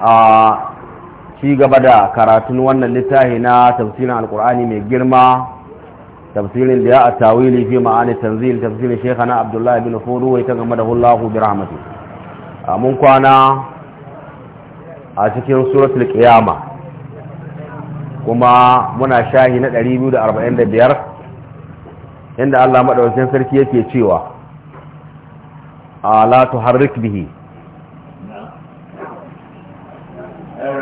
a ci gaba da karatun wannan littafi na tafsirin alkur'ani mai girma tafsirin da ya a tawili fi ma'ani tanzil tafsirin na abdullahi bin furu wai ta game da hullahu bi rahmatu a mun kwana a cikin suratul qiyama kuma muna shahi na 245 inda Allah madaukakin sarki yake cewa ala tuharrik bihi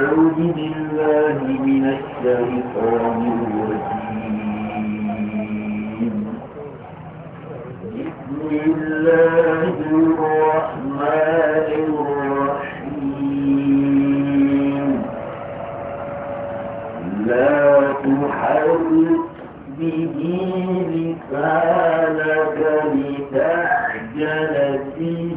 أعوذ بالله من الشيطان الرجيم بسم الله الرحمن الرحيم لا تحرك به لسانك لتعجل فيه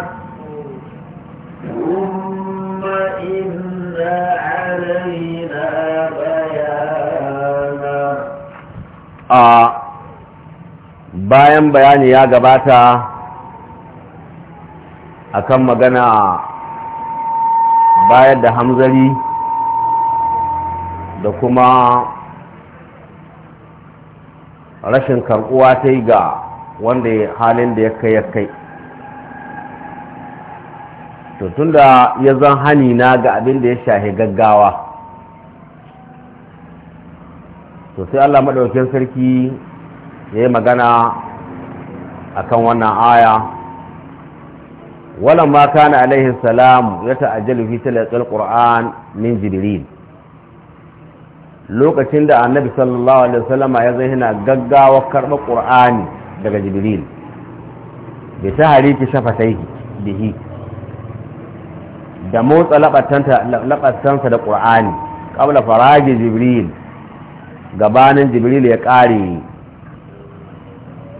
bayan bayani ya gabata akan magana bayar da hamzari da kuma rashin karbuwa ta yi ga wanda halin da ya kai ya kai to tunda ya zan hani na ga abin da ya shahe gaggawa to sai allah maɗaukin sarki ya yi magana a kan wannan aya Wannan ma kana alaihi Salamu ya ta'ajjalu fi tilatil qur'an min jibril lokacin da annabi sallallahu alaihi wasallama ya zai yana gaggawa karɓar qur'ani daga jibril bi tahriki shafataihi bihi da motsa laɓatansa da qur'ani qabla faraji jibril gabanin jibril ya ƙare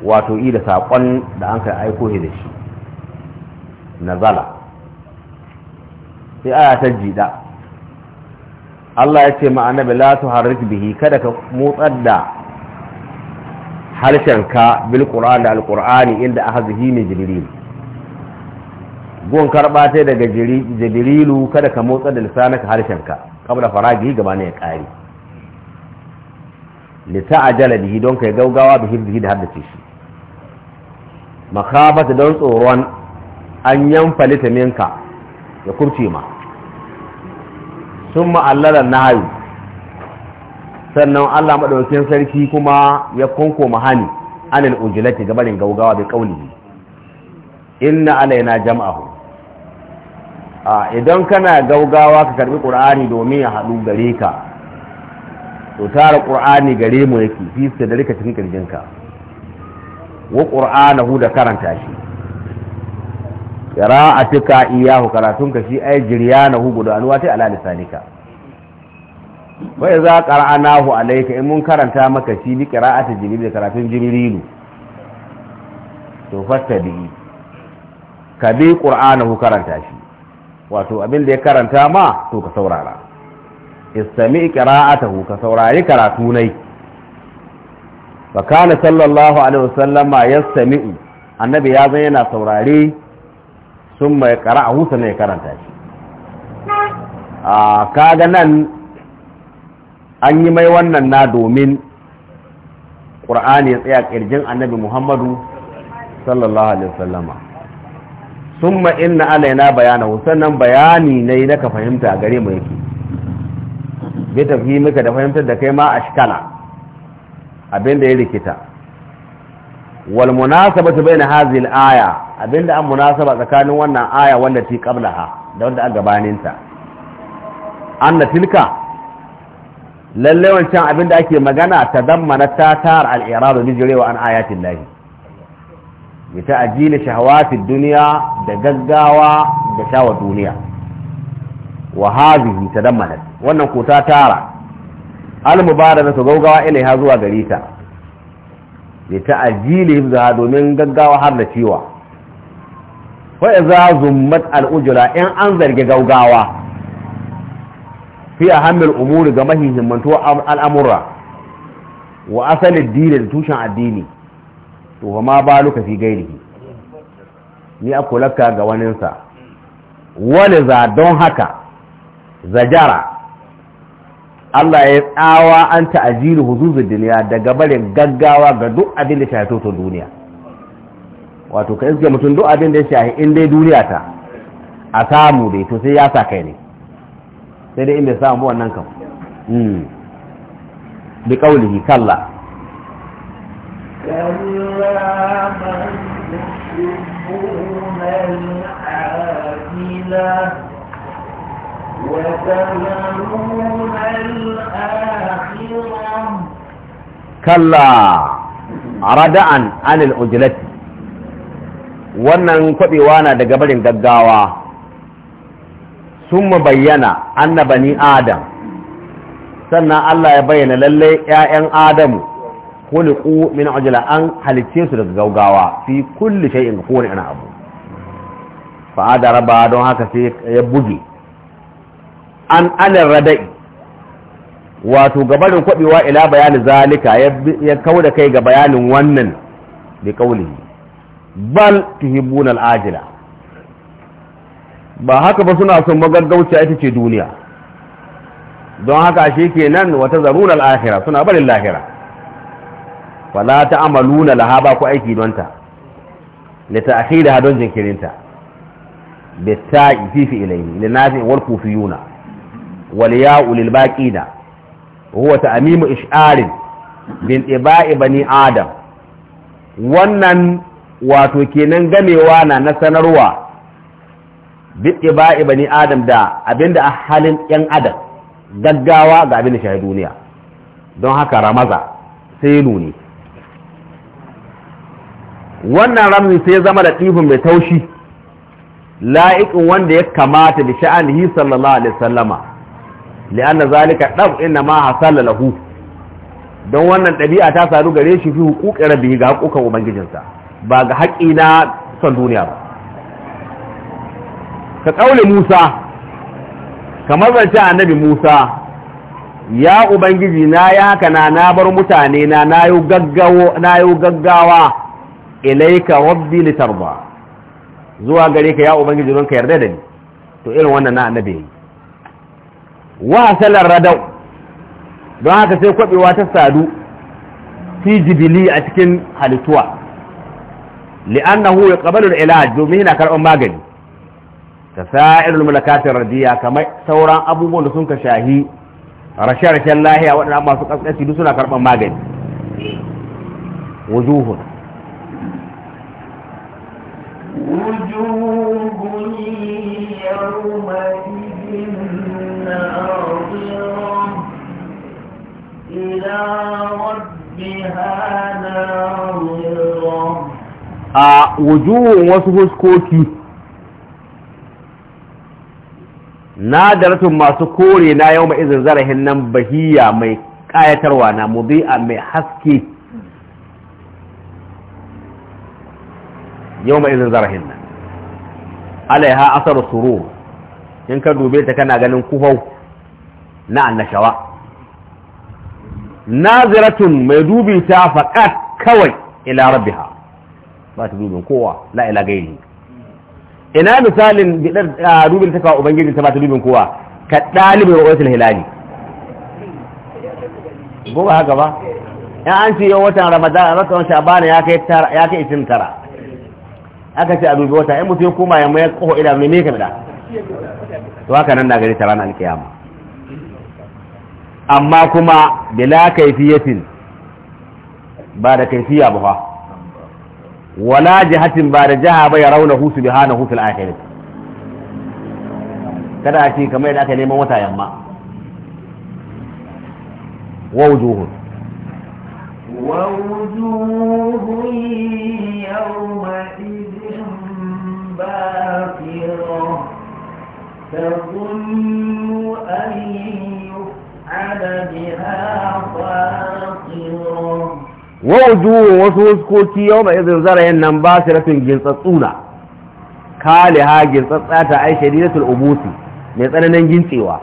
wato i da saƙon da an kai aiko da shi nazala sai aya ta jida Allah ya ce ma annabi la harrik bihi kada ka motsar da harshenka bil qur'an da alqur'ani inda ahzihi ne jibril gon karba ta daga jibrilu kada ka motsar da lisanaka harshenka kabla faragi gabanin ya kare li ta'jala bihi don kai gaugawa bihi bihi da haddace shi makabata don tsoron an yanfalita minka ya kurce ma sun ma'allalar na hayu sannan allah maɗaukin sarki kuma ya kunko mahani anil ujilati gabanin gaugawa da ƙauli inna alaina jam'ahu a idan kana gaugawa ka karbi ƙur'ani domin ya haɗu gare ka to tara ƙur'ani gare mu yake fi su da rika cikin ƙirjinka wa hu da karanta shi qira'atuka iyahu ka shi ay jiryanahu gudanuwa ta ala lisanika wa idza hu alayka in mun karanta maka shi bi qira'ati jibril karatun jibrilu to fattabi ka bi hu karanta shi wato abin da ya karanta ma to ka saurara istami qira'atahu ka saurari karatu fa kana sallallahu alaihi wasallama yastami'u annabi ya zai yana saurare sun mai kara a husa ne karanta shi a kaga nan an yi mai wannan na domin ƙur'ani ya tsaya ƙirjin annabi muhammadu sallallahu alaihi wasallama sun ma'in na alaina bayana sannan bayani ne na ka fahimta gare mu yake bai tafi muka da fahimtar da kai ma a shikala abinda ya rikita wal munasabatu baina hadhihi aya abinda an munasaba tsakanin wannan aya wanda ti qablaha da wanda an gabaninta tilka lalle wancan abinda ake magana tadammana ta tara al da bijrewa an ayati llahi bi shahawafi shahawati da gaggawa da shawa duniya wa hadhihi tadammanat wannan ko ta tara almubarara su gaugawa ilaiha zuwa gari ta bi ta'ajilihim za domin gaggawa har da ciwa fa iza zummat al ujra in an zargi gaugawa fi ahammil umuri ga mahimmantu al'amura wa asalin dini da tushen addini to fa ma ba luka fi gairihi ni akulaka ga waninsa wani za don haka zajara Allah ya tsawa an ta'ajilu da duniya daga barin gaggawa ga duk abin da shafi toto duniya wato ka iske mutum duk abin da ya shafi in dai duniya ta a samu dai to sai ya sa kai ne sai dai inda samu wannan kan hmm. bi qaulihi kalla كلا كلا ردعا عن الأجلة wannan kwaɓewa na daga barin gaggawa sun mu bayyana anna adam sannan Allah ya bayyana lallai ‘ya'yan adamu ku min ajila an halicce su daga gaugawa fi kulle shay'in kowane ana abu fa'ada raba don haka sai ya buge an anar rada'i wato gabarin kwaɓewa ila bayani zalika ya kawo da kai ga bayanin wannan bi kaulihi bal tuhibbun al'ajila ba haka ba suna son magaggauciya ita ce duniya don haka shi ke nan wata zaruna al'ahira suna barin lahira wala ta amaluna laha ba ku aiki ta lita da hadon jinkirinta bitta'i fifi ilayhi warku fi kufiyuna والياء للباقين وهو تأميم إشعار بانطباع بني adam wannan wato kenan gamewa na na sanarwa bittiba'i bani adam da abinda a halin yan adam gaggawa ga abin da shahi duniya don haka ramaza sai nuni wannan ramin sai zama da ɗifin mai taushi la'iƙin wanda ya kamata da sha'anihi sallallahu alaihi sallama li'anna zalika dab inna ma hasala lahu don wannan ɗabi'a ta faru gare shi fi hukuki rabbi ga hukukan ubangijinsa ba ga haƙi na son duniya ba ka ƙaule musa kamar zance annabi musa ya ubangiji na ya haka na na bar mutane na na yi gaggawa ilaika rabbi litarba zuwa gare ka ya ubangiji don ka yarda da ni to irin wannan na annabi wa salar radau don haka sai kwabewa ta sadu fi jibili a cikin halittuwa li'annahu yaqbalu al-ilaj domin yana karɓar magani ka sa'irul mulakatir radiya kamar sauran abubuwan da sun ka shahi rashe-rashen lahiya waɗanda masu kaskanci duk suna karɓar magani wujuhun wujuhun yawma ناظرة إلى ربها ناظرة a wujuhun wasu fuskoki na daratun masu kore na yau mai izin zarahin nan bahiya mai kayatarwa na mubi'a mai haske yau mai izin zarahin nan alaiha asar sururu in ka dube ta kana ganin kuhau na annashawa naziratun mai dubi ta faqat kawai ila rabbiha ba ta dubin kowa la ila gairi ina misalin bidar dubin ta kawo ubangiji ta ba ta dubin kowa ka dalibin ru'ayatul hilali gobe haka ba ya an ce yau watan ramadan watan sha'ban ya kai tara ya kai isin tara aka ce a dubi wata in mutum ya koma ya mai kofa ila mai me ka bida to haka nan na gari ta ranar alkiyama amma kuma bila kaifiyatin ba da kaifiya ba fa wala jihatin ba da jaha ba ya rauna hu subhanahu hana akhirah kada a ce kamar yadda aka neman wata yamma wa wujuhun wa wujuhun yawma idin ba تظن أن يفعل بها خاطرة ووجوه وسوسكوتي يوم إذ زرع النباسرة جنسطونة kaliha gintsatsa ai shadidatul ubusi mai tsananin gintsewa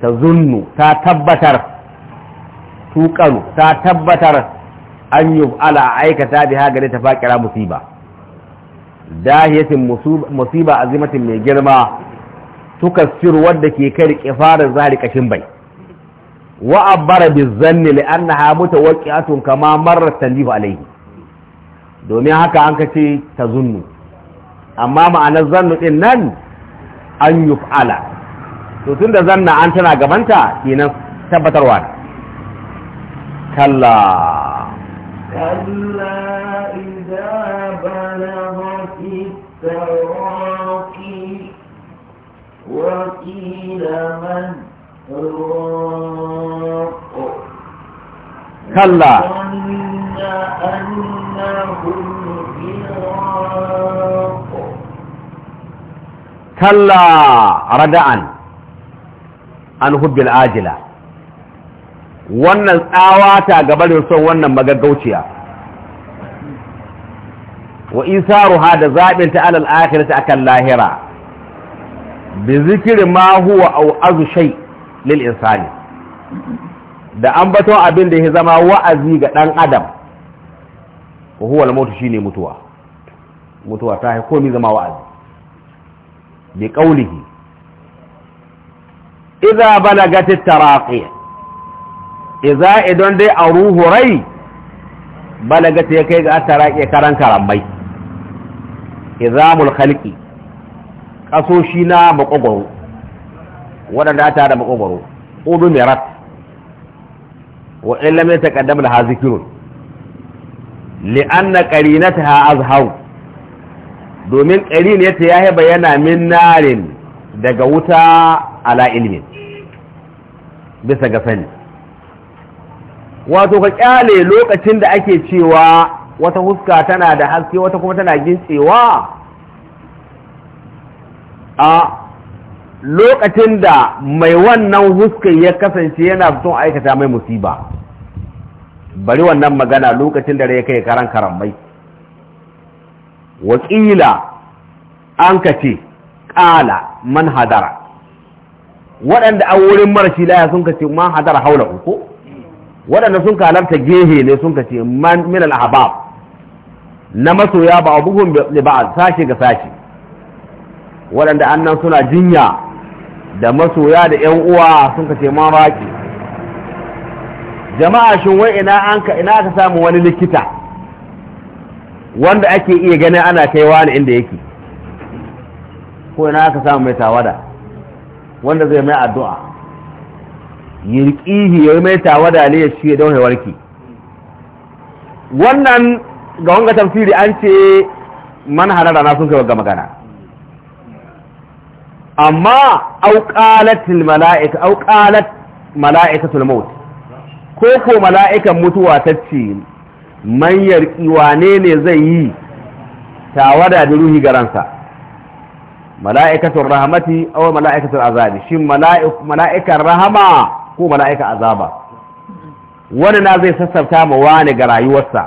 ta zunnu ta tabbatar tukanu ta tabbatar an yi ala aikata biya gare ta faƙira musiba dahiyatin musiba azimatin mai girma tukassir wadda ke kai kifarar zahiri kashin bai wa abbara bizanni li'annaha mutawaqqi'atun kama marrat tanjifu alayhi domin haka an kace tazunnu amma ma'anar zannu din nan an yuf'ala to tunda zanna an tana gabanta kenan tabbatarwa kalla kalla التراكي وقيل من راق كلا كلا ردعا عن حب العاجله wannan tsawata gabarin son wannan magaggauciya wa isaruha da zaɓin ta alal akhirati akan lahira bi zikri ma huwa aw azu shay lil insani da bato abin da ya zama wa'azi ga dan adam wa huwa al-maut shine mutuwa mutuwa ta mi zama wa'azi bi qawlihi idza balagat at-taraqi idza idan dai a ruhu rai balagat ya kai ga at-taraqi karan karamai izamul khalqi kasoshi na makogoro waɗanda ta da makogoro ƙudu mirat wa in lam yataqaddam laha zikrun li'anna qarinataha azhaw domin qarinata yayi bayana min narin daga wuta ala ilmi bisa ga sani wato ka kyale lokacin da ake cewa wata huska tana da haske wata kuma tana gintsewa a lokacin da mai wannan huskan ya kasance yana son aikata mai musiba bari wannan magana lokacin da ya kai karan karamai wakila an kace ƙala man hadara waɗanda a wurin marashi laya sun kace man hadara haula uku waɗanda sun ka gehe ne sun kace man minal ahbab na masoya ba bugun ba sashi ga sashi waɗanda annan suna jinya da masoya da ƴan uwa sun kace baki jama'a shin wai ina an ka ina ka samu wani likita wanda ake iya ganin ana kaiwa ne inda yake ko ina ka samu mai tawada wanda zai mai addu'a ya yi mai tawada ne ya shi don warki wannan ga wanga tafsiri an ce man halara na sun kai ga magana amma auqalatil mala'ika auqalat mala'ikatul maut ko ko mala'ikan mutuwa ta ce man yarki wane ne zai yi tawada da ruhi garansa mala'ikatul rahmati aw mala'ikatul azabi shin mala'ikar rahama ko mala'ika azaba wani na zai sassafta ma wani ga rayuwarsa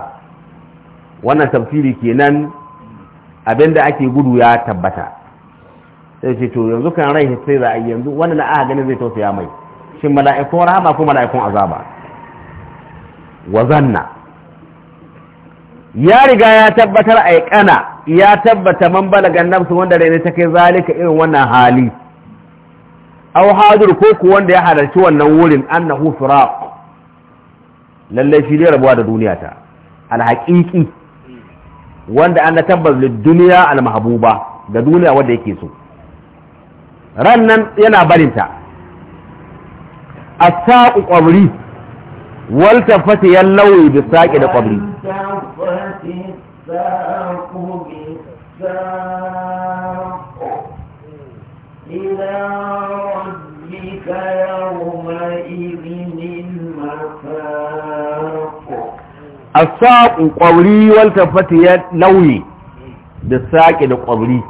wannan tafsiri kenan abinda ake gudu ya tabbata sai ce to yanzu kan rai sai za a yanzu wannan aka ganin zai tausaya mai shin mala'ikun rahama ko mala'ikun azaba wa zanna ya riga ya tabbatar a kana ya tabbata man balagan nafsu wanda rai ne ta kai zalika irin wannan hali aw hadir ko ku wanda ya halarci wannan wurin annahu firaq lalle shi ne rabuwa da duniya ta alhaqiqi wanda an tabbar da duniya al-mahbuba da duniya wanda yake so rannan yana barinta asaqu qabri wal tafati yallawi bi saqi da qabri إلى as qawli wal tafati ya launi da saƙi da qawli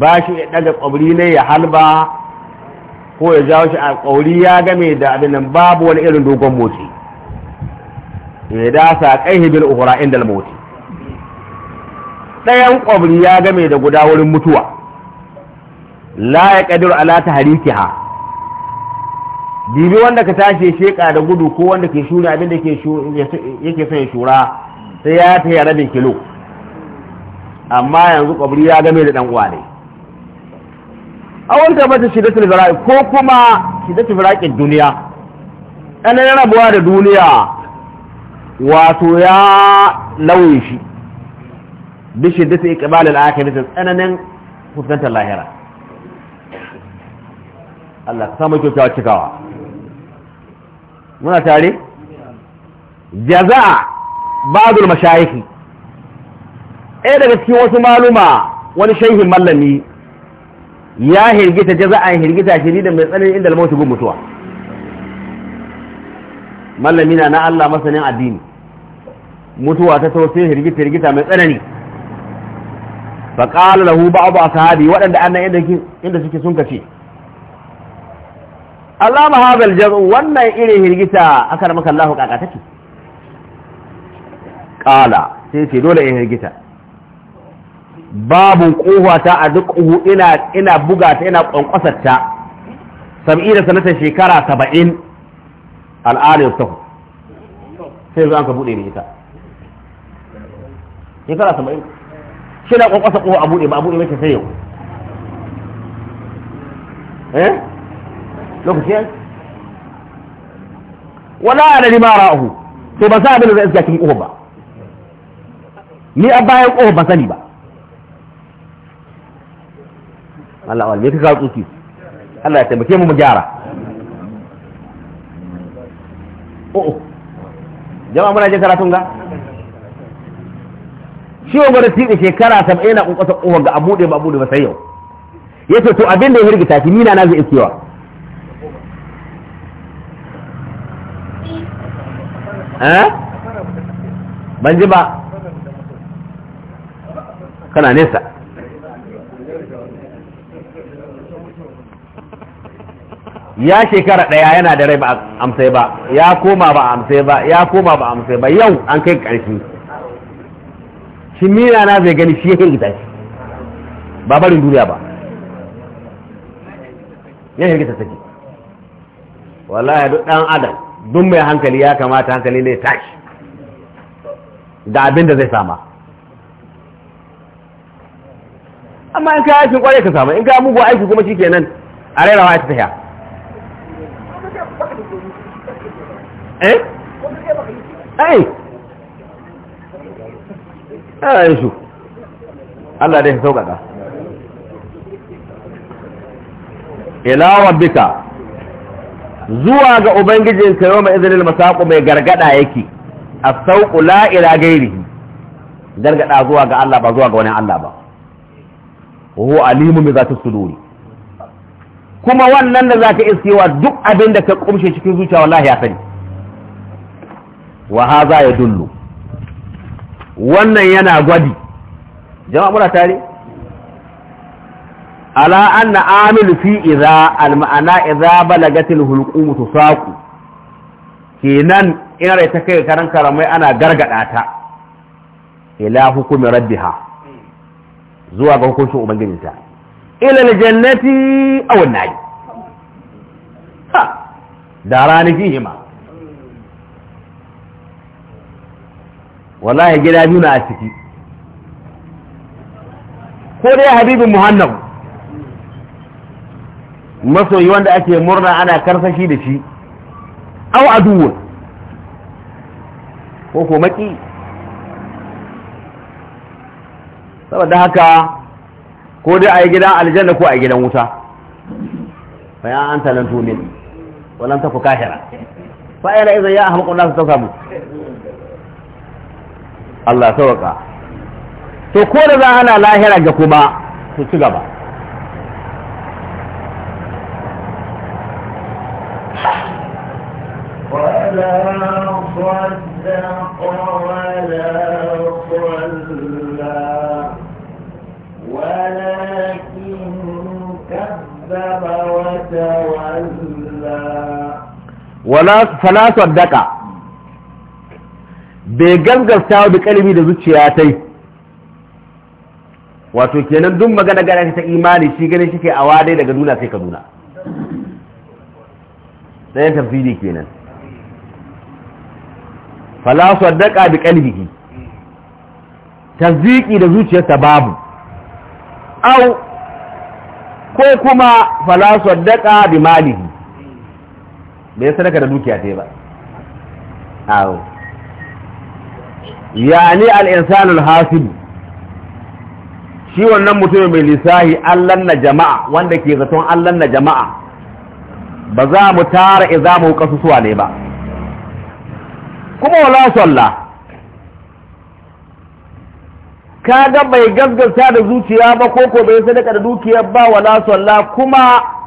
ba shi ya daga qawli ne ya halba ko ya jawo shi a qawli ya game da abin babu wani irin dogon motsi ya da saqaihi bil ukhra inda al-maut dayan qawli ya game da guda wurin mutuwa la ya qadiru ala tahrikiha bibi wanda ka tashi sheka da gudu ko wanda ke shura abin da yake son ya shura sai ya ta taya rabin kilo amma yanzu kwabri ya game da dan uwa ne a wani shida ta zara'i ko kuma shidatul zara'i duniya ɗanen rabuwa da duniya wato ya lauye shi bi shidatul iqbal al-akhirah tsananin fuskantar lahira Allah ka samu kyautawa cikawa muna tare jaza'a ba'dul mashayikh ɗaya daga cikin wasu maluma wani shaihin mallami ya hirgita jaza'an hirgita shi da mai tsanani inda almautu gun mutuwa mallami na na Allah masanin addini mutuwa ta tausayin hirgita hirgita mai tsanani fa qala lahu ba'd ashabi waɗanda annan inda suke sun kace ma hazal jam'u wannan irin hirgita akan maka Allah kaka take ƙala sai ce dole in hirgita babu kohata a duk uhu ina ina buga ta ina kwankwasar ta sab'i da sanata shekara saba'in al'adar ta sai zuwa ka bude ni ita shekara saba'in shi na kwankwasa kohu a buɗe ba a buɗe mace sai yau eh lokaci yayi wala ala lima ra'ahu to ba sa abin da iska cikin ƙofa ba ni a bayan ƙofa ba sani ba Allah wal me ka tsoki Allah ya taimake mu mu gyara o'o oh, oh. jama'a muna je karatun ga shi wa gwada tiɗe shekara saba'in na ƙunƙasa ƙofar ga abuɗe ba abuɗe ba sai yau ya ce to abin da ya hirgita shi ni na na zai iskewa Eh? ban ji ba kana nesa ya shekara ɗaya yana da rai ba amsai ba ya koma ba amsai ba ya koma ba amsai ba yau an kai ƙarshe shi na zai gani shi yake gita shi ba barin duniya ba ya shirgita take wallahi duk ɗan adam duk mai hankali ya kamata hankali ne tashi da abin da zai sama amma in ka aikin kwarai ka samu in ka mugu aiki kuma shi nan a rairawa ya tafiya eh? Eh? ai Allah dai sauƙaƙa ila rabbika zuwa ga ubangijin ka yau mai izinin masaku mai gargada yake a sauƙu la ila gairihi gargada zuwa ga Allah ba zuwa ga wani Allah ba wa alimu mai zata suduri kuma wannan da zaka iskewa duk abin da ka kumshe cikin zuciya wallahi ya sani wa haza ya dullu wannan yana gwadi jama'a muna tare ala anna amil fi idza al ma'ana idza balagatil hulqum tusaqu kenan in rai ta kai karan karamai ana gargada ta ila hukumi rabbiha zuwa ga hukuncin ubangijinta ila jannati aw an-nar ha da rani fihima wallahi gida biyu na a ciki ko dai habibin muhannab masoyi wanda ake murna ana karsashi da shi au aduwa ko ko maki saboda haka ko dai a yi gidan aljanna ko a yi gidan wuta bayan an talantu min walan tafi kahira fa'ira idan ya ahmaqu nasu ta mu. Allah sauka to ko da za ana lahira ga kuma su ci gaba صدق ولا صلى ولكن كذب وتولى ولا فلا صدق bai gaggasta da kalbi da zuciya tai wato kenan duk magana gana ta imani shi gane shi ke awa daga duna sai ka kaduna ɗayan tafsiri kenan fala saddaqa bi qalbihi taziki da zuciyarsa babu au ko kuma fala daƙa bi malihi bai sadaka da dukiya ta ba au yani al-insanu al-hasib shi wannan mutumin mai lisahi allan na jama'a wanda ke zaton allan na jama'a ba za mu tara izamu suwa ne ba kuma wala sallah kaga bai gaggasa da zuciya ba ko ko bai sadaka da dukiyar ba wala sallah kuma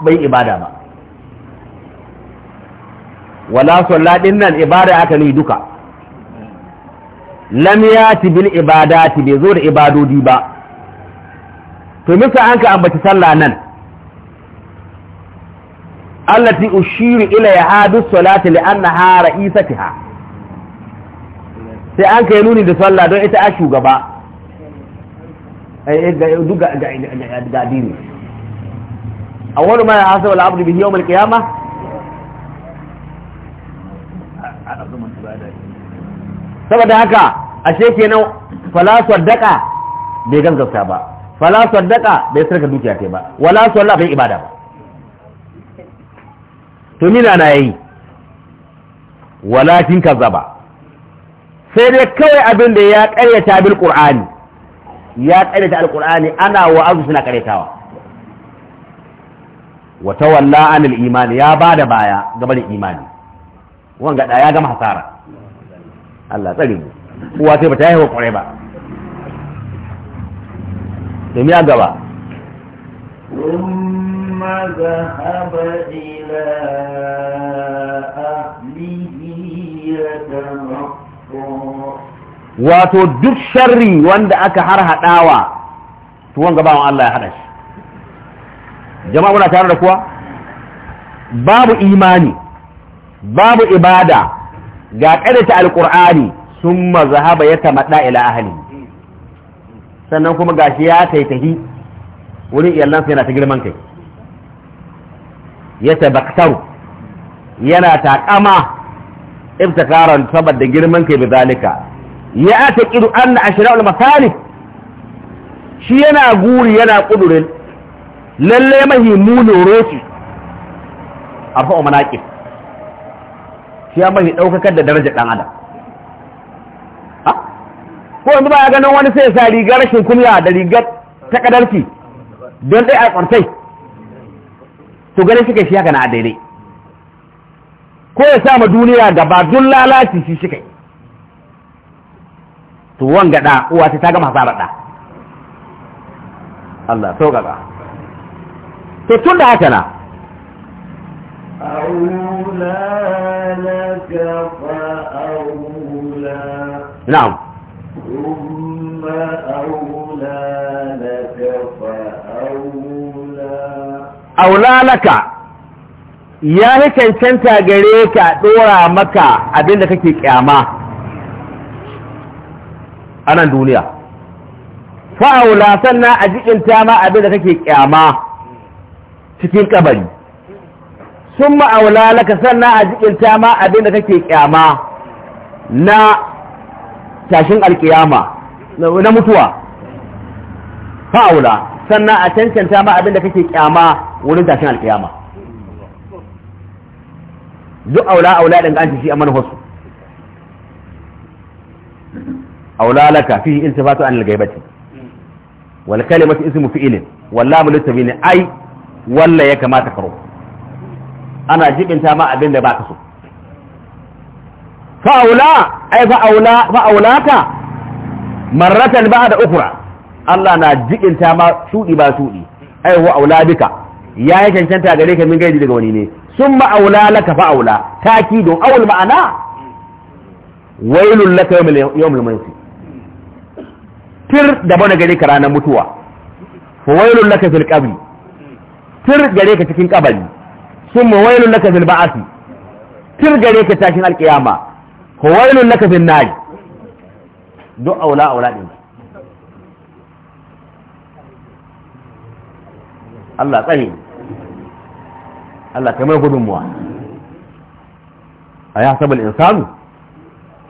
bai ibada ba wala sallah din nan ibada aka ni duka lam yati bil ibadati bai zo da ibadodi ba to misa an ka ambaci sallah nan allati ushiru ila yahadu salati li annaha ra'isatiha sai an kai nuni da sallah don ita a shugaba eh, eh, duk ga addini a wani ma ya hasa wala abu bihi yawmal qiyamah saboda haka ashe kenan fala saddaka bai gaggauta ba fala saddaka bai sarka dukiya kai ba wala sallah bai ibada ba to ni na yayi walakin kazzaba sai dai kawai abin da ya karyata bil qur'ani ya karyata al qur'ani ana wa'azu suna karyatawa wa tawalla anil imani ya bada baya gaban imani wanga da ya gama hasara Allah tsare mu kuwa sai bata yi hakuri ba to miya gaba wato duk sharri wanda aka har haɗawa tuwon gabawan Allah ya haɗa shi jama'a muna tare da kuwa babu imani babu ibada ga ƙarita alƙur'ani sun mazahaba ya tamaɗa ila ahali sannan kuma gashi ya taitahi wurin iyalansa yana ta girman kai ya tabaktaru yana taƙama ibtikaran saboda girman kai bizalika ya taqidu anna ashra'ul masalih shi yana guri yana kudurin lalle mahimunin roci arfa manaqib shi ya mahi daukakar da daraja dan adam ha ko yanzu ba nan wani sai sa rigar rashin kunya da rigar takadarci don dai a kwartai to ganin shi kai shi haka na daidai ko ya sa ma duniya gaba dun lalaci shi shi kai to wanga da uwa ta ta gama hasarar da Allah gaba to tun da haka na na'am aula laka ya yi cancanta gare ka ɗora maka abinda kake kyama a nan duniya fa'aula sannan a ta ma abinda kake kyama cikin kabari sun ma'aula laka sannan a ta ma abinda kake kyama na tashin alƙiyama na mutuwa fa'aula sannan a cancanta ma abinda kake kyama wurin tashin alƙiyama. duk aula aula din an shi a manufarsu aula laka fi iltifatu an al-ghaibati wal kalimatu ismu fi'lin wallamu litabini ai walla ya kamata karo ana jibinta ma abin da baka so fa aula ai fa aula fa aulaka marratan ba'da ukhra Allah na jibinta ma shudi ba shudi ai wa aula bika ya yi cancanta gare ka min gaidi daga wani ne sun ma'aula laka fa'aula taki don awul ma'ana wailun laka yau mulmansu tir da bana gare ka ranar mutuwa wailun laka fil qabri tir gare ka cikin kabari sun ma wailun laka fil ba'asi tir gare ka tashin alkiyama wailun laka fil nari don aula aula din Allah Allah kai mai gudunmuwa a ya sabu insanu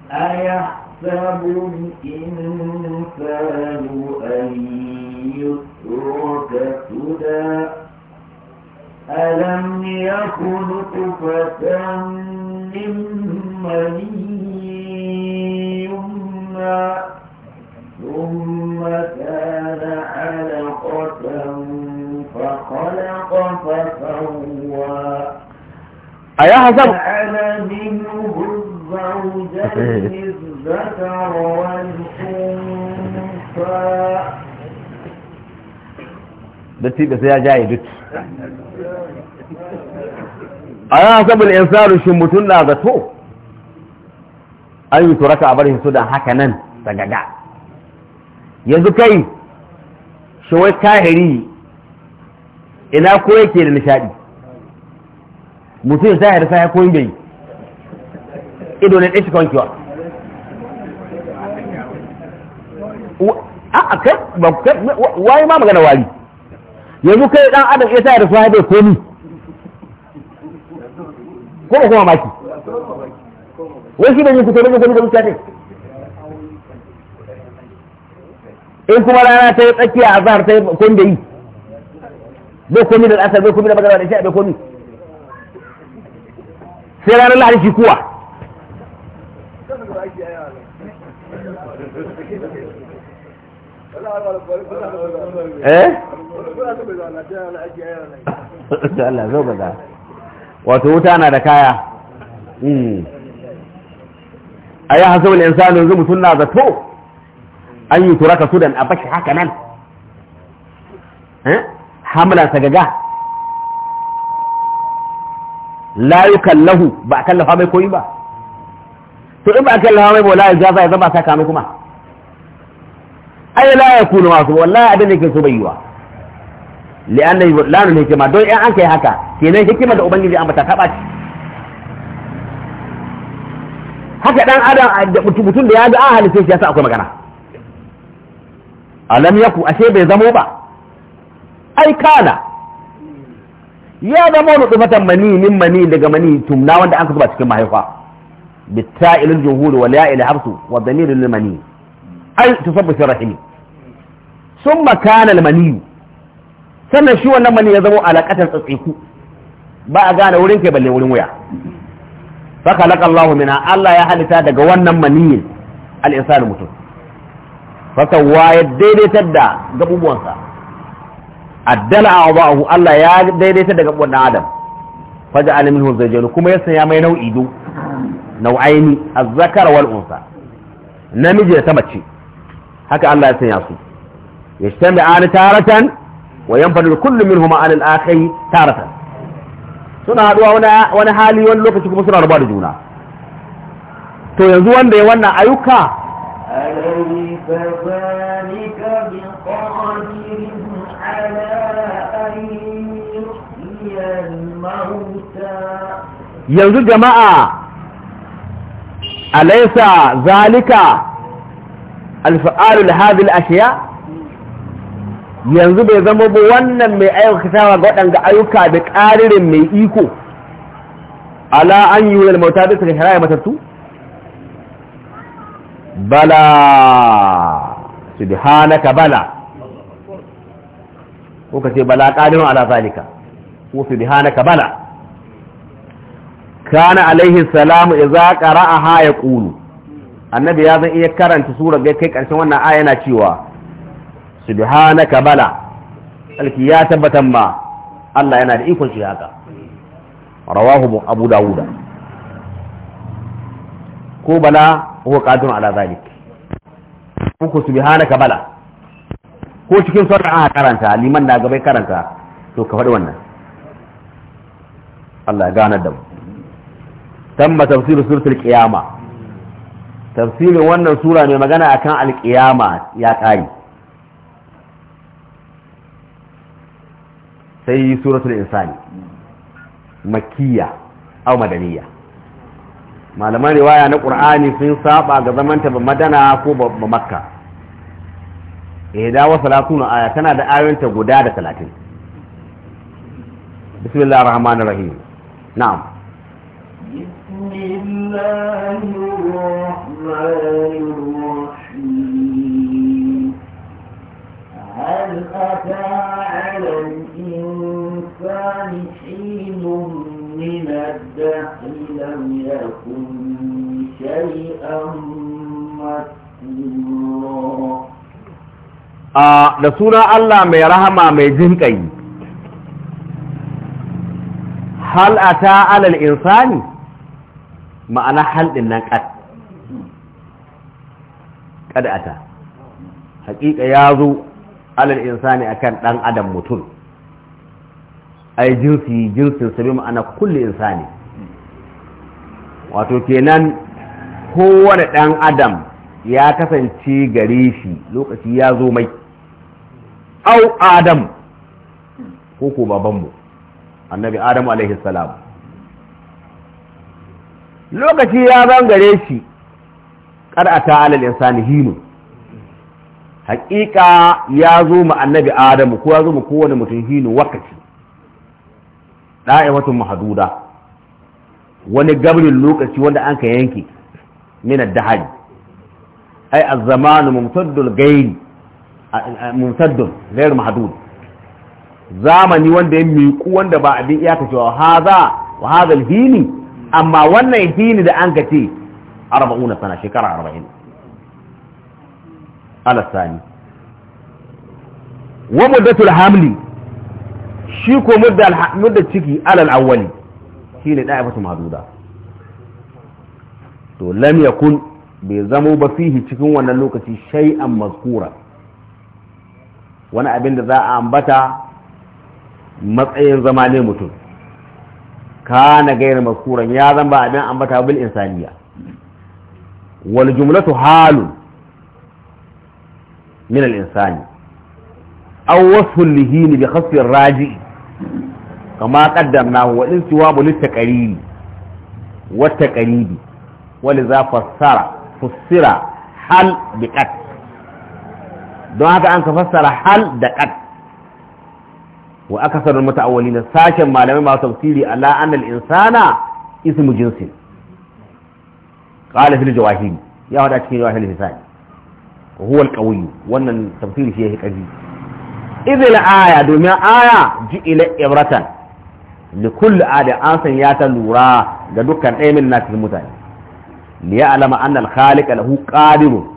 a ya sabu insanu an yutruka tuda alam yakun nutfatan min mani أحسن datti duk a yana sabon insaru shi mutum na zato an yi turaka a barin da haka nan sagaga yanzu kai shi kahiri ina ko yake da nishaɗi. mutum ya sa ya rasa ya koyi bai ido ne ɗaya shi wankewa a kai ma magana wari yanzu kai dan adam ya sa ya rasa ya bai komi ko ba kuma maki wai shi da yin kusa da gani da ne in kuma rana ta yi tsakiya a zahar ta yi komi da yi bai komi da asar bai komi da magana da shi bai komi sai ranar lahadi shi kuwa eh? wato wuta na da kaya hmm. a yi hasau ne insanu yanzu mutum na zato an yi turaka sudan a bashi haka nan eh? hamalansa gaga la kallahu ba a kallafa mai koyi ba to in ba a kallafa mai ba la za a zama ta mai kuma ai la yakunu masu wallahi abin da ke so bai yi wa li'anna yulanul hikima don yan an kai haka kenan hikima da ubangiji an bata taba ci haka dan adam da mutum da ya ga an halice shi yasa akwai magana alam yaku ashe bai zamo ba ai kana ya zama wani tsufatan mani min mani daga mani tumna wanda an kasuba cikin mahaifa بالتائل الجمهور wa dalilin mani. Ai أي تصب shi الرحم Sun makana المني sannan shi wannan mani ya zama alaƙatar tsatsiku ba a gane wurin ke balle wurin wuya saka laka mina Allah ya halitta daga wannan maniyin al da mutum Fasawa ya daidaitar da gabubuwansa addala a'dahu Allah ya daidaita daga gaban adam faja'ala minhu zawjayn kuma ya sanya mai nau'i du nau'aini az-zakar wal unsa namiji da ta mace haka Allah ya sanya su yajtami'an taratan wa yanfadu kullu minhuma 'ala al-akhir taratan suna haduwa wani hali wani lokaci kuma suna rabuwa da juna to yanzu wanda ya wannan ayyuka أليس ذلك بقادر على yanzu jama'a alaisa zalika alfa'arul hadil ashiya yanzu bai zama ba wannan mai aikatawa ga waɗanda ayyuka da ƙaririn mai iko ala an yi wani mauta da suka shirya matattu bala su bala ko ka ce bala qadirun ala zalika ko su subhanaka bala kana alaihi salamu idza qara'aha yaqulu annabi ya zan iya karanta sura ga kai karshen wannan aya yana cewa subhanaka bala alki ya tabbatan ma Allah yana da ikon shi haka rawahu abu dawuda ko bala huwa qadirun ala zalik ko subhanaka bala ko cikin sauran a karanta liman na gabai karanta to ka faɗi wannan Allah ganar da mu tamma tafsirin suratul qiyama tafsirin wannan sura mai magana akan alqiyama ya kai sai suratul insani makkiya aw madaniya malaman riwaya na qur'ani sun saba ga zamanta ba madana ko ba makka ihda eh, wa salatuna aya tana da ayoyinta guda da talatin bismillah rahman rahim na'am bismillahir rahmanir da suna Allah mai rahama mai jinƙayi hal Hal'ata alal insani ma'ana hal ɗin nan ƙad ƙad'ata haƙiƙa ya zo alal insani akan ɗan adam mutum ai jinsi jinsin sabi ma'ana kulli insani wato kenan kowane ɗan adam ya kasance gare shi lokaci ya zo mai au adam ko ko babanmu annabi adamu alaihi salam lokaci ya gare shi qar'ata alal insani hinu haƙiƙa ya zo mu annabi adamu ko ya zo mu kowane mutum hinu wakati da'iwatun mahduda wani gabrin lokaci wanda an ka yanke min ad-dahaj ay az-zamanu mumtaddul ghairi mumsaddun ghairu mahdud zamani wanda ya miƙu wanda ba abin iyaka cewa haza wa haza alhini amma wannan hini da an kace 40 sana shekara 40 alasani wa muddatul hamli shi ko mudda ciki alal awwali shi ne da'ifatu mahduda to lam yakun bai zamo ba fihi cikin wannan lokaci shay'an mazkura wani abin da za a ambata matsayin zama ne mutum kana gairar maskuran ya zan abin ambata bil insaniya wal jumlatu halun min al insani aw wasfu lihin bi khasfi raji kama qaddamnahu wa in siwabu lit taqriri wa taqribi wa liza fassara fassira hal bi qat don haka an ka fassara hal da qad wa akasarul muta'awwilin sashen malamai masu tafsiri ala annal insana ismu jinsin qala fil jawahir ya wada cikin jawahir hisani huwa al-qawi wannan tafsiri shi yake kaji idil aya domin aya ji ila ibratan li kulli ada an san ya ta lura ga dukkan ɗaya min na cikin mutane li ya alama annal khaliqa lahu qadirun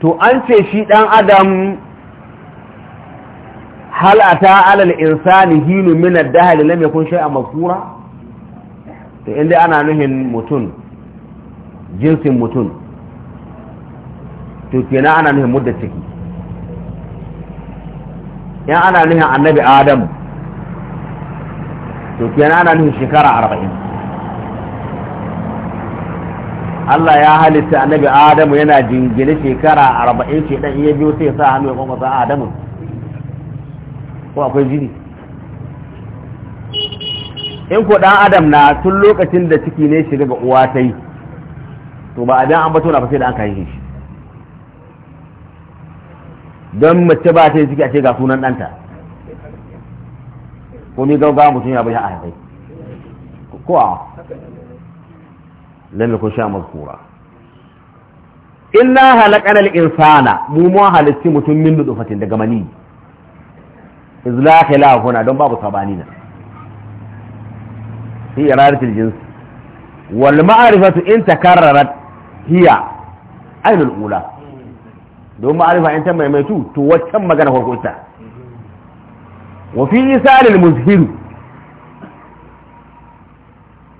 to an ce shi ɗan adam halata alal insani hinu minar dahali lam yakun shay'a mazkura to inda ana nuhin mutum jinsin mutum to kenan ana nuhin mudda ciki yan ana nuhin annabi adam to kenan ana nuhin shekara arba'in Allah ya halitta annabi Adamu yana jingine shekara arba'in ce dan iya biyo sai ya sa hannu ya kwakwasa Adamu ko akwai jini in ko dan Adam na tun lokacin da ciki ne shiga ga uwa ta yi to ba abin an bato na fa sai da an kai shi don mace ba ta yi ciki a ce ga sunan ɗanta ko ni gauga mutum ya bai a haifai ko a lam yakun sha mazkura inna halaqana al-insana mu mu halitti mutum min nutfatin daga mani izla khilafuna don babu sabani na fi iradatil jins wal ma'rifatu in takarrarat hiya ainul ula don ma'arifa in ta maimaitu to waccan magana farko ita wa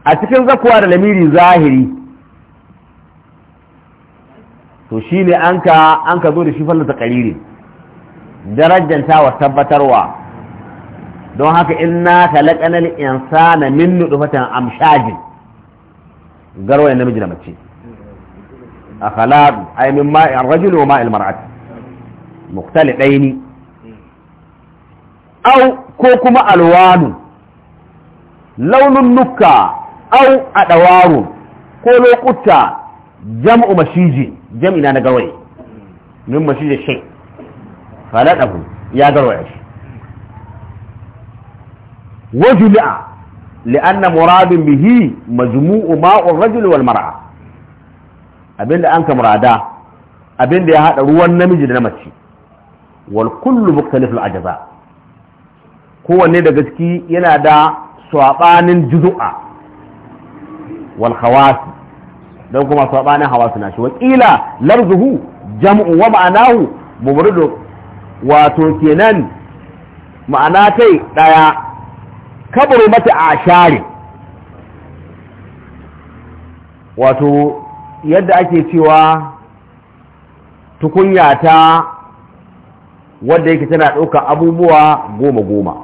a cikin zakuwa da lamiri zahiri to shi ne an ka zo da shi fallata kariri darajanta wa tabbatarwa don haka inna talakanar insana min nudufatan amshajin garwaye namiji da mace a khalaq ay ma'in rajul wa ma'il mar'ati mukhtalidaini ko kuma alwanu launin nuka au a ɗawaru ko lokuta jam'u mashiji jam'i na gawai min mashiji shai falaɗahu ya garwaya shi li'an li'anna muradin bihi majmu'u ma'un rajul wal mar'a abinda an ka murada abinda ya haɗa ruwan namiji da na mace wal kullu muktaliful ajaza kowanne daga ciki yana da saɓanin juzu'a wal khawasi dan kuma sabanin hawasu na shi wakila lafzuhu jam'u wa ma'anahu mubaridu wato kenan ma'ana tai daya kabru mata ashari wato yadda ake cewa tukunya ta wanda yake tana ɗauka abubuwa goma goma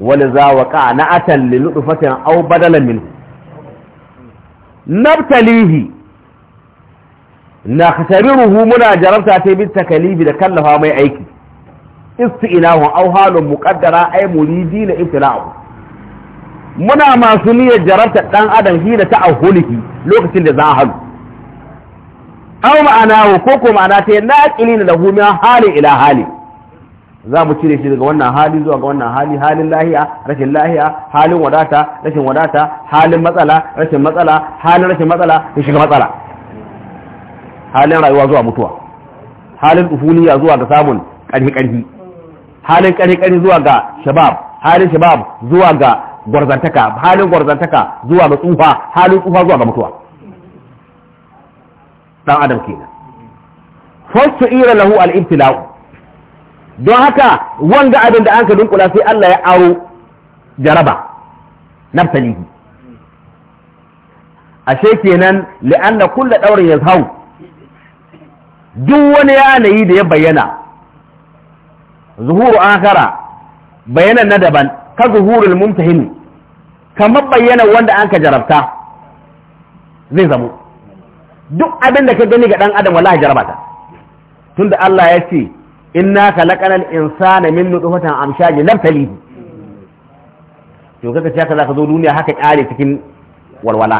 wani za wa ƙa na atan liluɗu au badalan minhu nabtalihi na ruhu muna jarabta ta bi takalifi da kallafa mai aiki isti'inahu aw halun muqaddara ay muridina ibtila'u muna masu niyyar jarabta dan adam hina ta'ahulihi lokacin da za a halu aw ma'ana ko ko ma'ana ta na aqilina lahu hali ila hali za mu cire shi daga wannan hali zuwa ga wannan hali halin lahiya rashin lahiya halin wadata rashin wadata halin matsala rashin matsala halin rashin matsala ya shiga matsala halin rayuwa zuwa mutuwa halin ufuliya zuwa ga samun ƙarfi ƙarfi halin ƙarfi ƙarfi zuwa ga shabab halin shabab zuwa ga gwarzantaka halin gwarzantaka zuwa ga tsufa halin tsufa zuwa ga mutuwa dan adam kenan su ira lahu al-ibtila'u don haka wanga abin da an ka dunkula sai Allah ya aro jaraba na a ashe kenan la'anna kulla daurin zau duk wani yanayi da ya bayyana zuhuru akara bayanan na daban ka zuhurul mumtahin kamar bayyana wanda an ka jarabta zai zamo duk abin da ka gani ga dan adam wallahi jarabata tunda Allah ya ce inna khalaqana al-insana min nutfatin amshajin lam talihi to kaga za ka zo duniya haka kare cikin walwala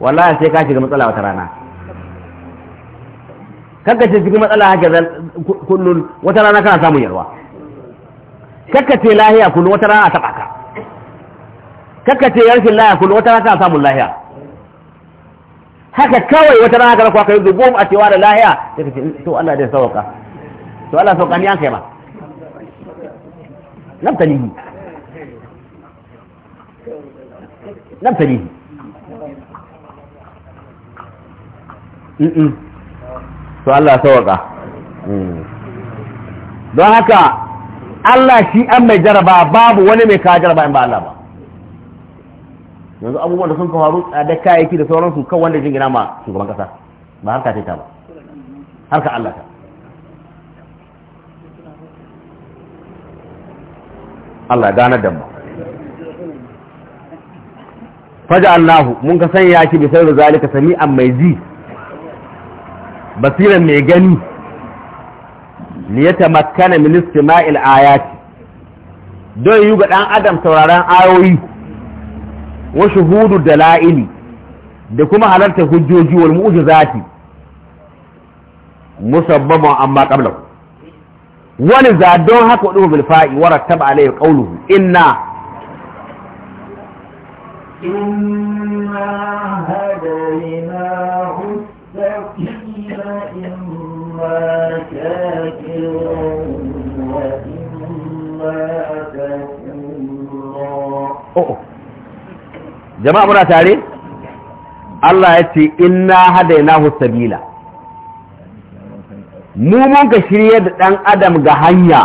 wallahi sai ka shiga matsala wata rana kaga ce cikin matsala haka kullun wata rana kana samun yarwa kakka ce lahiya kullun wata rana a ta ka. kakka ce yarshin lahiya kullun wata rana kana samun lahiya haka kawai wata rana ka rakwa kai zubum a cewa da lahiya sai ka ce to Allah zai sauka to Allah ni an kai ma lam talihi lam talihi to Allah sauka mm. don haka Allah shi an mai jaraba babu wani mai ka jaraba in ba Allah ba yanzu abubuwan da sun faru da kayayyaki da sauransu kawai wanda jingina ma shugaban kasa ba harka ta ba harka Allah ta Allah gane da mu faja'alnahu mun ka sanya shi bi sai zalika sami'an mai ji basiran mai gani li yatamakkana min istima'il ayati don yi ga dan adam sauraron ayoyi wa shuhudu dala'ili da kuma halarta hujjoji wal mu'jizati musabbabun amma qablahu wani za don haka wadda bil fa'i warattaba alayhi qawluhu inna inna hadayna mustaqima imma shakiran wa imma kafura jama'a muna tare Allah ya ce inna hadaynahu sabila mu mun ka shirye da ɗan adam ga hanya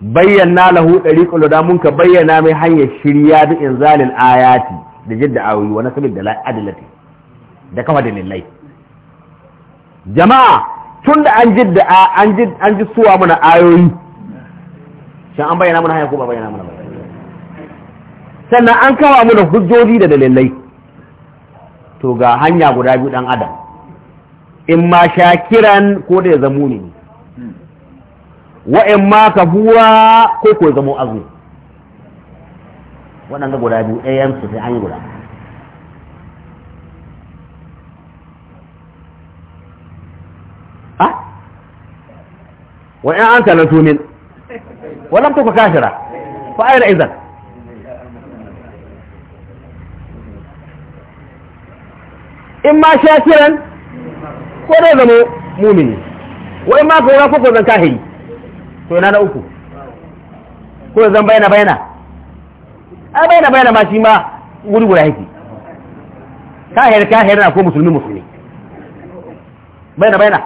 bayyana lahu ɗari da mun ka bayyana mai hanyar shirya da inzalin ayati da jidda awi wani nasabin da adalati da da lillai jama'a tun da an jidda an ji suwa mana ayoyi shan an bayyana mana hanyar ko ba bayyana mana ba sannan an kawo mana hujjoji da dalilai to ga hanya guda biyu dan adam in ma shakiran ko da ya zamo ne wa in ma kafura ko ko ya zamo azumi waɗanda guda biyu ɗayan su sai an yi guda ah wa in an kana tumin walam tuka kafira fa ayra idan in ma shakiran ko da zama mumini wai ma ka wura ko zan kahiri to ina na uku ko zan bayana bayana a bayana bayana ma shi ma wuri guda yake kahir kahir na ko musulmi musulmi bayana bayana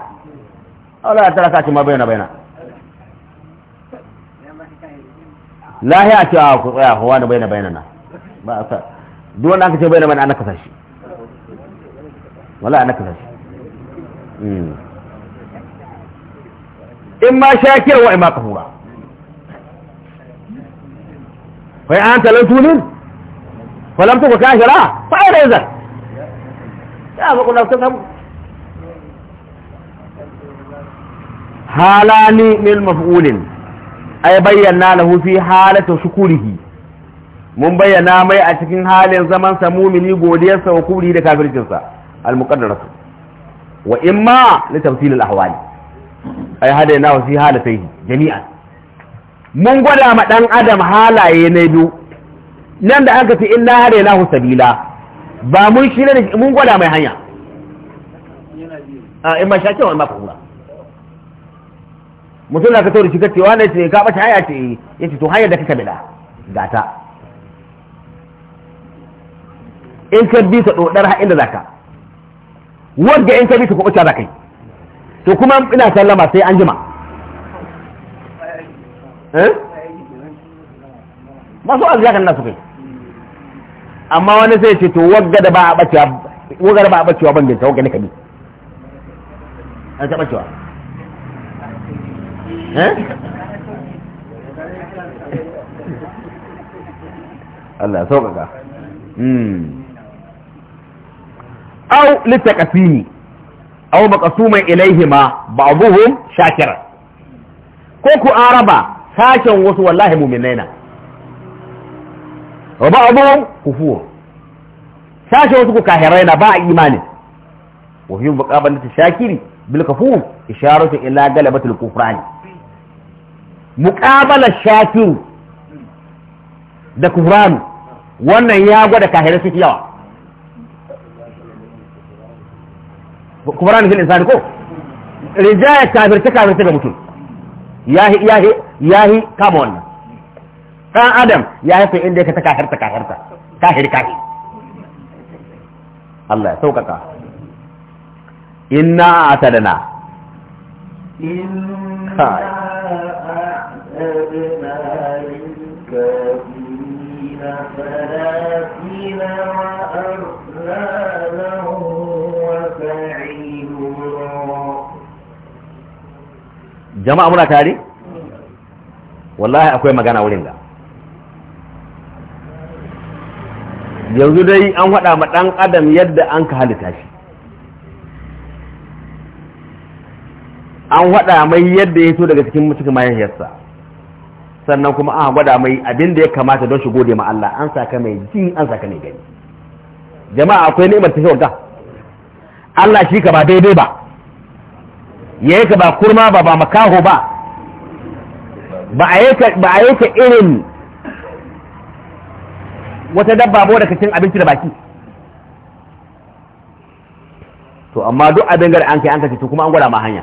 Allah ya rasa shi ma bayana bayana lahi a cewa ah, ku tsaya kowa da bayana bayana na ba a sa duk wanda aka ce bayana bayana an kasa shi wala an kasa shi Mm. in ma shakir wa in ma kafura fa an talan tunin fa lam tuka kashira fa da reza ya ba kuna kun samu halani min maf'ulin ai bayyana lahu fi halatu shukurihi mun bayyana mai a cikin halin zaman samumini mumini godiyarsa wa kubri da kafircinsa al-muqaddaratu wa in li tamthil al ahwali ai hada yana wasi halatai jami'an mun gwada ma dan adam halaye na biyu nan da aka fi illa hada yana sabila ba mun shirya ne mun gwada mai hanya a in ma shake wa ma kura mutum da ka tauri shiga cewa ne ce ka bata haya ce ce to hanyar da kake bida gata in ka bi ta dodar ha inda zaka wanda in ka bi ka kuɓuta da kai to kuma ina sallama sai an jima eh? masu arziki kan nasu kai amma wani sai ce to wagga da ba a bacewa wagga da ba a bacewa ban ginta wagga ne ka bi an taɓa cewa eh? Allah sauƙaƙa. Hmm. aw litaqasimi aw maqsuman ilaihima ba'dhum shakira ko ku araba sashen wasu wallahi mu'minai na wa ba'dhum kufur sashen wasu ku kahirai na ba imani wa fi muqabalati shakiri bil kafur isharatu ila galabatil kufrani muqabala shakiru da kufrani wannan ya gwada kahirai suke yawa kubran fil insani ko rijaya kafirce kafirce ga mutum yahi yahi yahi kama wannan dan adam ya haifa inda ka ta kafirta kafirta kafir kafir Allah ya sauƙaƙa inna atadana inna atadana lil kafirina fala wa arsalna jama'a muna tare wallahi akwai magana wurin ga yanzu dai an hada ma ɗan adam yadda an ka halitta shi an hada mai yadda ya so daga cikin cikin mahaifiyarsa sannan kuma an gwada mai abin da ya kamata don shi gode ma Allah an saka mai jin an saka mai gani jama'a akwai neman ta shauka Allah shi ka ba daidai ba ya yi ka ba kurma ba ba makaho ba ba a yi ka irin wata dabba ba daga cin abinci da baki to amma duk abin gari an kai an kace to kuma an gwada ma hanya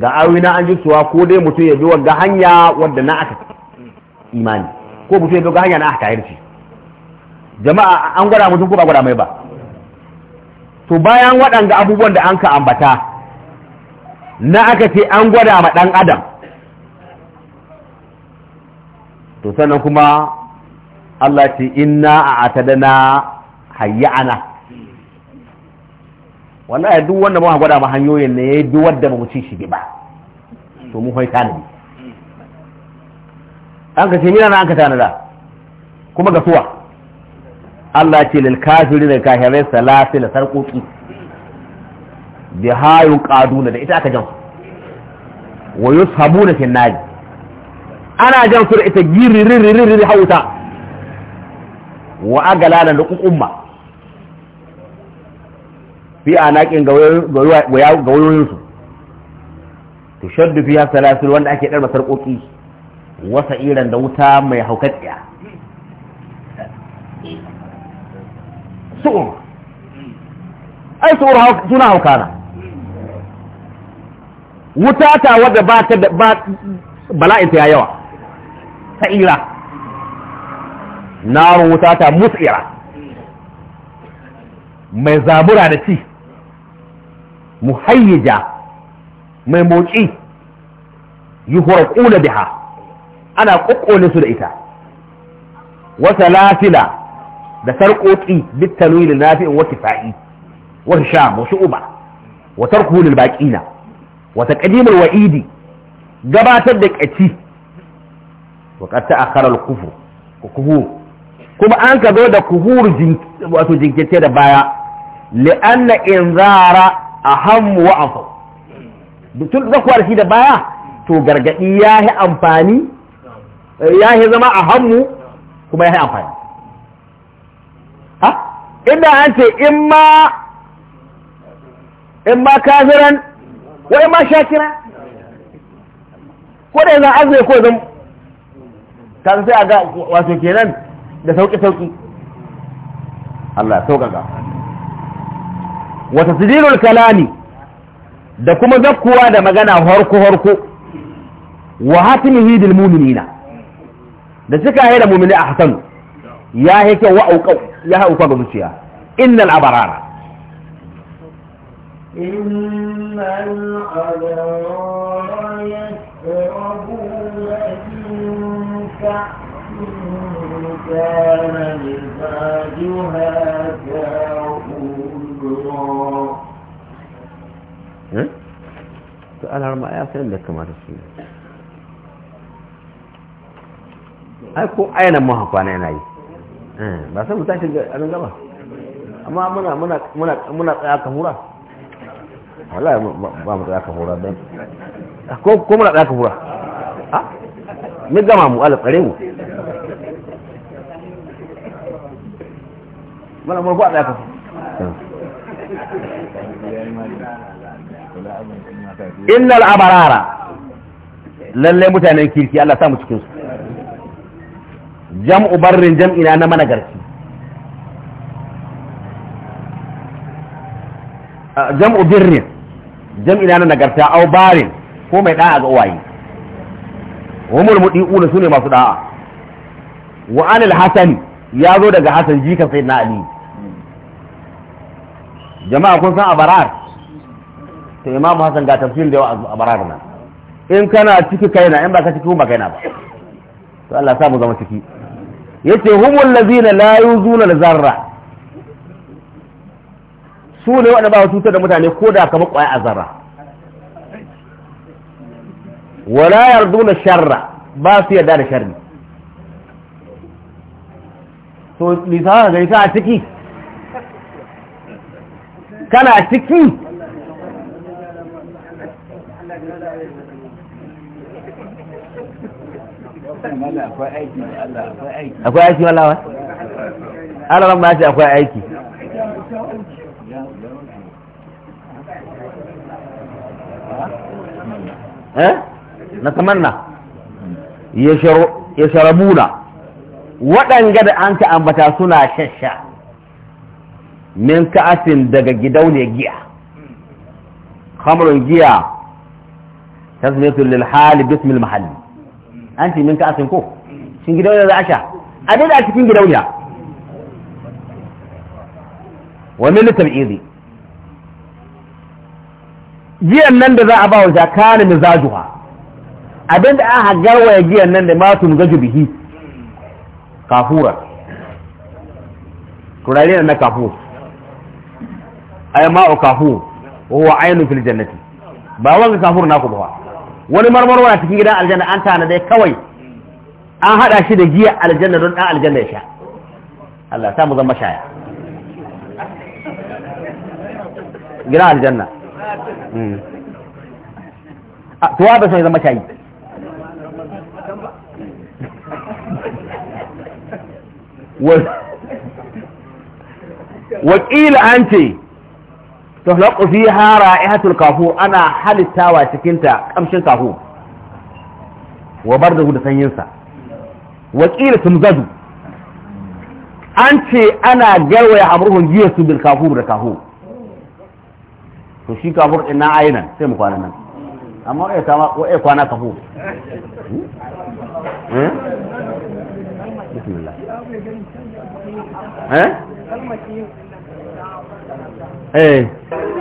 ga awina an ji suwa ko dai mutum ya bi wagga hanya wadda na aka imani ko mutum ya bi wagga hanya na aka tayar ce jama'a an gwada mutum ko ba gwada mai ba to bayan waɗanda abubuwan da an ka ambata na aka ce an gwada ma ɗan adam to sannan kuma Allah ce inna a atadana hayyana wallahi duk wanda muka gwada ma hanyoyin ne yayi duk wanda mu ci shi ba to mu kai tanadi an ka ce mina na an ka tanada kuma ga suwa Allah ce lil kafiri da kafirai salafin da sarƙoƙi bi hayu kaduna da ita aka jan wa yushabu na finnaji ana jan su da ita giririririri hauta wa agala da kukumma fi a naƙin ga wayoyinsu tushaddu fi ha salasul wanda ake ɗarma sarƙoƙi wasa iran da wuta mai haukatsiya su'ur ai su'ur suna haukana wuta ta wadda ba ta bala'inta ya yawa sa'ira narun wuta ta mutsira mai zabura da ci muhayyija mai motsi yi hurkuna biha ana ƙuƙƙone su da ita wata lafila da sarƙoƙi duk tanwilin nafi'in wa kifa'i wa sham wa shu'uba wa tarkuhu lil baqina wa taqdimul wa'idi gabatar da ƙaci, wa qad ta'akhkhara al kufr kuhur kuma an ka zo da kuhur wato jinkirce da baya li'anna inzara hamu wa afu tun zakuwar shi da baya to gargadi yahi amfani yahi zama ahammu kuma yahi amfani inda an ce in ma in ma kafiran wai in ma shakira ko da yanzu azu ko zan kan sai a ga wasu kenan da sauki sauki Allah ya sauƙaƙa wata sidirul kalani da kuma zakkuwa da magana harko harko wa hatimihi hidil mu'minina da cika da mu'mini ahsanu ya yake wa ya haɗu kwa ga musiya inna al’abarara ta alhar ma ya sayar da kamata su ne aiko ainihin ba eh, sai mu tashi a nan gaba amma muna muna muna muna tsaya ka hura wallahi ba mu tsaya ka hura dan ko ko muna tsaya ka hura ha ni gama mu ala tsare mu mana mu ba tsaya ka hmm. innal abarara lalle mutanen kirki Allah sa mu cikin su jam'u barrin jam'ina na managarci ah, jam'u birnin jam'ina na nagarta au barin ko mai da'a ga uwaye humul mudi'una sune masu da'a wa anil hasan ya zo daga hasan jikan na ali jama'a kun san abarar to imam hasan ga tafsir da yawa abarar nan in kana ciki kaina in ba ka ciki kuma kaina ba to Allah sa mu zama ciki yace humul lazina la yuzuna zarra su ne wanda ba su cutar da mutane ko da kama kwaya a zarra wala yarduna sharra ba su yarda da sharri to lisana ga ita a ciki kana ciki akwai aiki wala wa alaran ma ce akwai aiki eh na tamanna ya sharabuna waɗanga da an ka ambata suna shasha min ka'asin daga gidauniyar giya khamrun giya tasmiyatul lil hali bismil mahalli an ce min ka asin ko shin gidauniya za a sha a dai a cikin gidauniya wa min tabi'izi giyan nan da za a ba wa zakana mizajuha abin da aka garwaya giyan nan da matu muzaju bihi kafura turare na kafu ay ma'u kafu wa huwa aynu fil jannati ba wanga kafur naku ba wani marmaro na cikin gidan aljanna an tana dai kawai an hada shi da giya aljanna don dan aljanna ya sha Allah ta mu zama shaya gidan aljanna tuwa ba sai zama shayi wa wakila an ce taflaqu fiha ra'ihatul kafu ana halittawa cikin ta kamshin kafu. wa bardahu da sanyin sa wa qila tumzadu an ce ana garwaya amruhun jiya su bil kafu da kafu. to shi kafur din na sai mu kwana nan amma ya kama ko ya kwana kafu. eh bismillah eh eh